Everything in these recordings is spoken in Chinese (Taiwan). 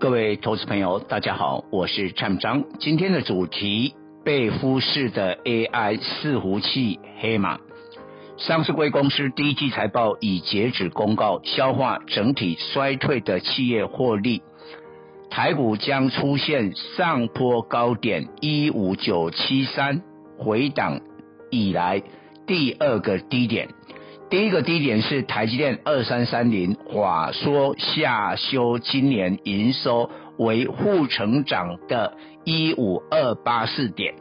各位投資朋友，大家好，我是蔡明彰。今天的主題：被忽視的 AI 伺服器黑馬。上市櫃公司第一季財報已截止公告，消化整體衰退的企業獲利。台股將出現上坡高點15973回檔以來第二個低點。第一個低點是台積電二三三零，華碩下修今年營收為負成長的一五二八四點，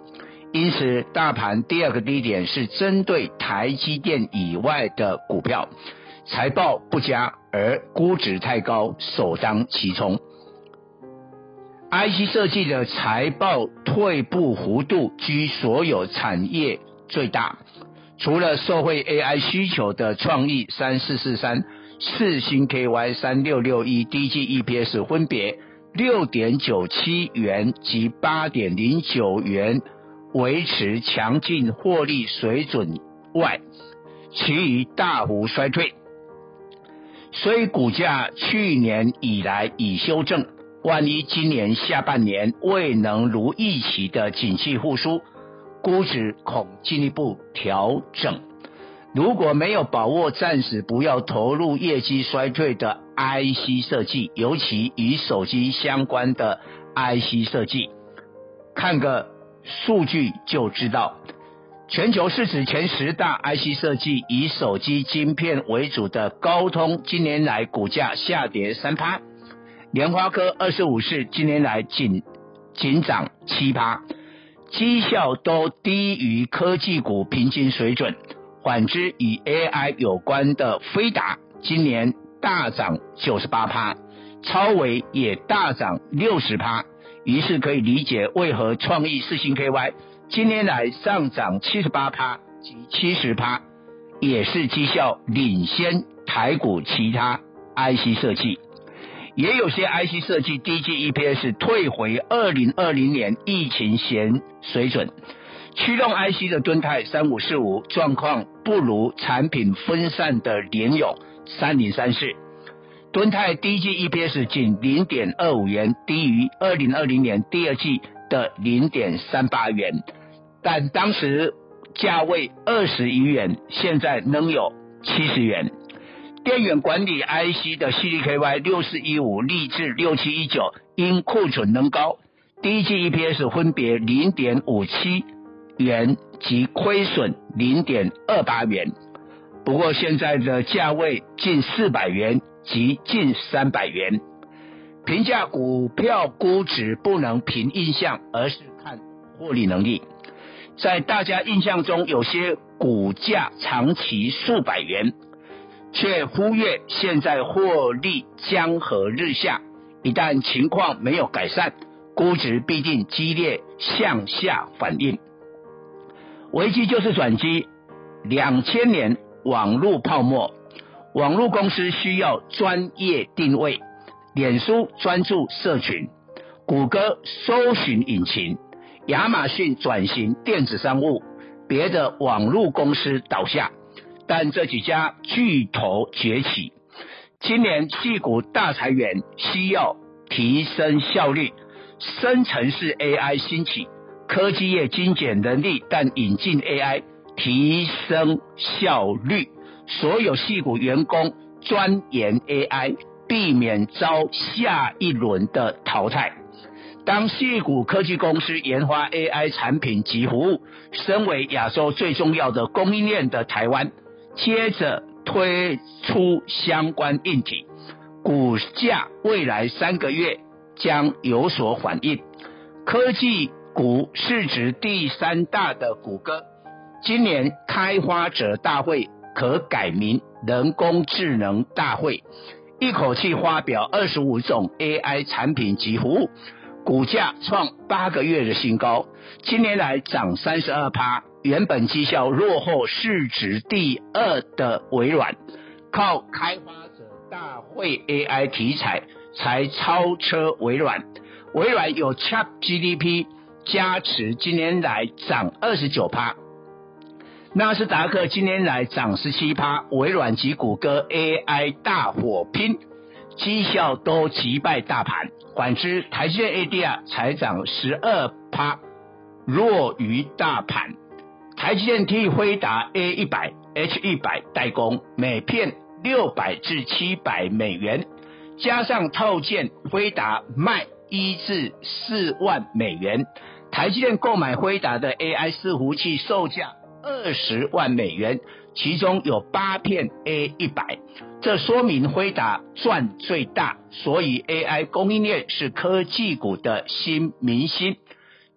因此大盤第二個低點是針對台積電以外的股票財報不佳而估值太高首當其衝，IC 設計的財報退步幅度居所有產業最大。除了受惠 AI 需求的創意三四四三四星 KY 三六六一 DG EPS 分別六點九七元及八點零九元維持強勁獲利水準外，其餘大幅衰退。所以股價去年以來已修正，萬一今年下半年未能如預期的景氣復甦，估值恐進一步調整，如果沒有把握，暫時不要投入業績衰退的 IC 設計，尤其與手機相關的 IC 設計。看個數據就知道，全球市值前十大 IC 設計以手機晶片為主的高通，今年來股價下跌三趴；聯發科二十五市，今年來僅僅漲七趴。績效都低於科技股平均水準，反之與 AI 有關的輝達，今年大漲九十八趴，超微也大漲六十趴，於是可以理解為何創意世芯 KY 今年來上漲七十八趴及七十趴，也是績效領先台股其他 IC 設計。也有些 IC 設計 DG EPS 退回2020年疫情前水準，驅動 IC 的敦泰3545狀況不如產品分散的聯詠3034，敦泰 DG EPS 僅0.25元，低於2020年第二季的0.38元，但當時價位二十餘元，現在仍有七十元。電源管理 IC 的矽力 -KY 六四一五、力智六七一九因庫存能高，第一季 EPS 分別零點五七元及虧損零點二八元。不過現在的價位近四百元及近三百元，評價股票估值不能憑印象，而是看獲利能力。在大家印象中，有些股價長期數百元。卻忽略現在獲利江河日下，一旦情況沒有改善，估值必定激烈向下反應。危機就是轉機。兩千年網絡泡沫，網絡公司需要專業定位。臉書專注社群，谷歌搜尋引擎，亞馬遜轉型電子商務，別的網絡公司倒下。但這幾家巨頭崛起，今年矽谷大裁員，需要提升效率。生成式 AI 興起，科技業精簡能力，但引進 AI 提升效率，所有矽谷員工鑽研 AI，避免遭下一輪的淘汰。當矽谷科技公司研發 AI 產品及服務，身為亞洲最重要的供應鏈的台灣。接着推出相關議題，股價未來三個月將有所反應。科技股市值第三大的谷歌，今年開發者大會可改名人工智能大會，一口氣發表二十五種 AI 產品及服務，股價創八個月的新高，今年來漲三十二趴。原本績效落後市值第二的微軟，靠開發者大會 AI 題材才超車微軟。微軟有 ChatGPT 加持，今年來漲二十九趴。納斯達克今年來漲十七趴，微軟及谷歌 AI 大火拼，績效都擊敗大盤。反之，台積電 ADR 才漲十二趴，弱於大盤。台積電替輝達 A100 H100 代工，每片六百至七百美元，加上套件，輝達賣一至四萬美元。台積電購買輝達的 AI 伺服器售價二十萬美元，其中有八片 A100，這說明輝達賺最大，所以 AI 供應鏈是科技股的新明星，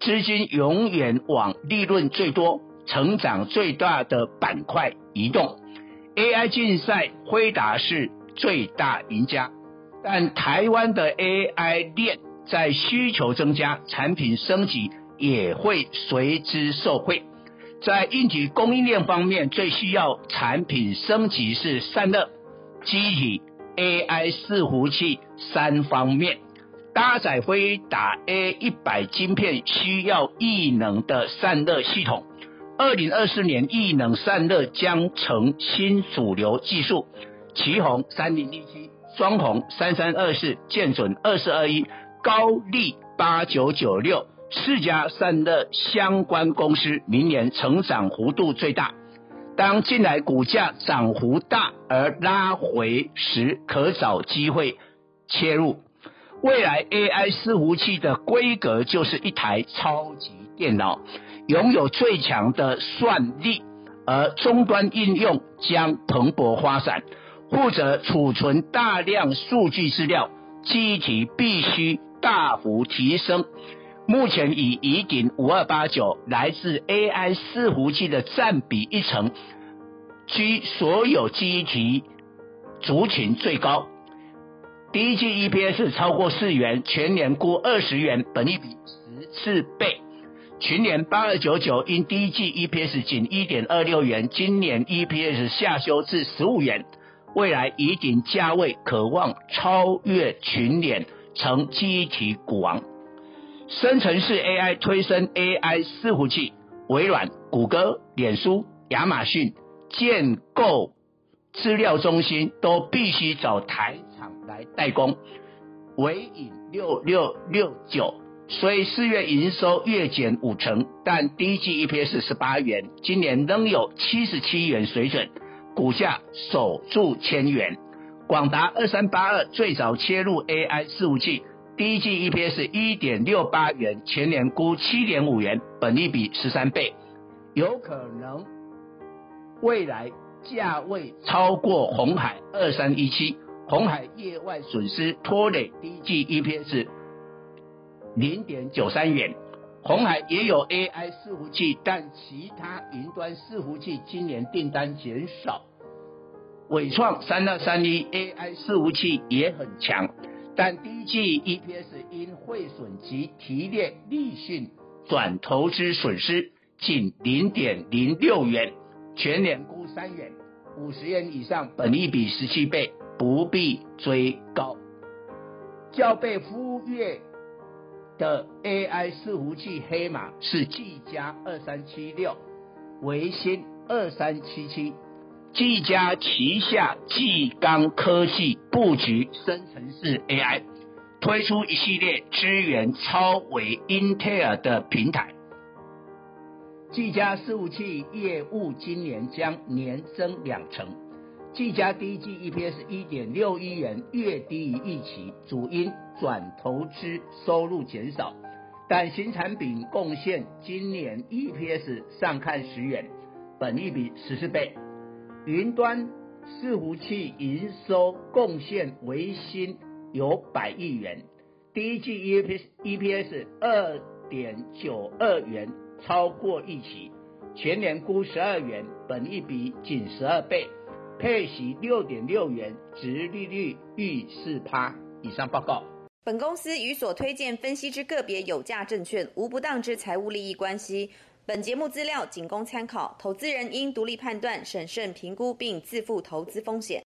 資金永遠往利潤最多，成長最大的板塊，移動 AI 競賽，輝達是最大贏家。但台灣的 AI 鏈在需求增加，產品升級也會隨之受惠。在硬體供應鏈方面，最需要產品升級是散熱、機體、AI 伺服器三方面。搭載輝達 A 一百晶片，需要異能的散熱系統。二零二四年，液冷散熱將成新主流技術。奇鋐三零一七，雙鴻三三二四，建準二四二一，高力八九九六，四家散熱相關公司明年成長幅度最大。當近來股價漲幅大而拉回時，可找機會切入。未來 AI 伺服器的規格就是一台超級電腦。擁有最強的算力，而終端應用將蓬勃發展，負責儲存大量數據資料，記憶體必須大幅提升。目前以宜鼎五二八九來自 AI 伺服器的佔比一成，居所有記憶體族群最高。第一季 EPS 超過四元，全年估二十元，本益比十四倍。群聯八二九九因第一季 EPS 僅一點二六元，今年 EPS 下修至十五元，未來以頂價位可望超越群聯，成記憶體股王。生成式 AI 推升 AI 伺服器，微軟、谷歌、臉書、亞馬遜建構資料中心都必須找台廠來代工。緯穎六六六九。所以四月營收月減五成，但低季 EPS 十八元，今年仍有七十七元水準，股價守住千元。廣達二三八二最早切入 AI 伺服器，低季 EPS 一點六八元，全年估七點五元，本益比十三倍，有可能未來價位超過鴻海二三一七。鴻海業外損失拖累低季 EPS，零點九三元，鴻海也有 AI 伺服器，但其他雲端伺服器今年訂單減少。緯創三二三一 AI 伺服器也很強，但第一季 EPS 因匯損及提列立訊轉投資損失僅零點零六元，全年估三元，五十元以上本益比十七倍，不必追高。叫被忽略的 AI 伺服器黑馬是技嘉二三七六，76，微星二三七七，技嘉旗下技鋼科技布局生成式 AI，推出一系列支援超微 Intel 的平台。技嘉伺服器業務今年將年增兩成。技嘉第一季 EPS 一點六一元，略低於預期，主因轉投資收入減少，但新產品貢獻今年 EPS 上看十元，本益比十四倍。雲端伺服器營收貢獻維新有百億元，第一季 EPS EPS 二點九二元，超過預期，全年估十二元，本益比僅十二倍。配息六點六元，殖利率逾四趴。以上報告。本公司與所推薦分析之個別有價證券無不當之財務利益關係。本節目資料僅供參考，投資人應獨立判斷、審慎評估並自負投資風險。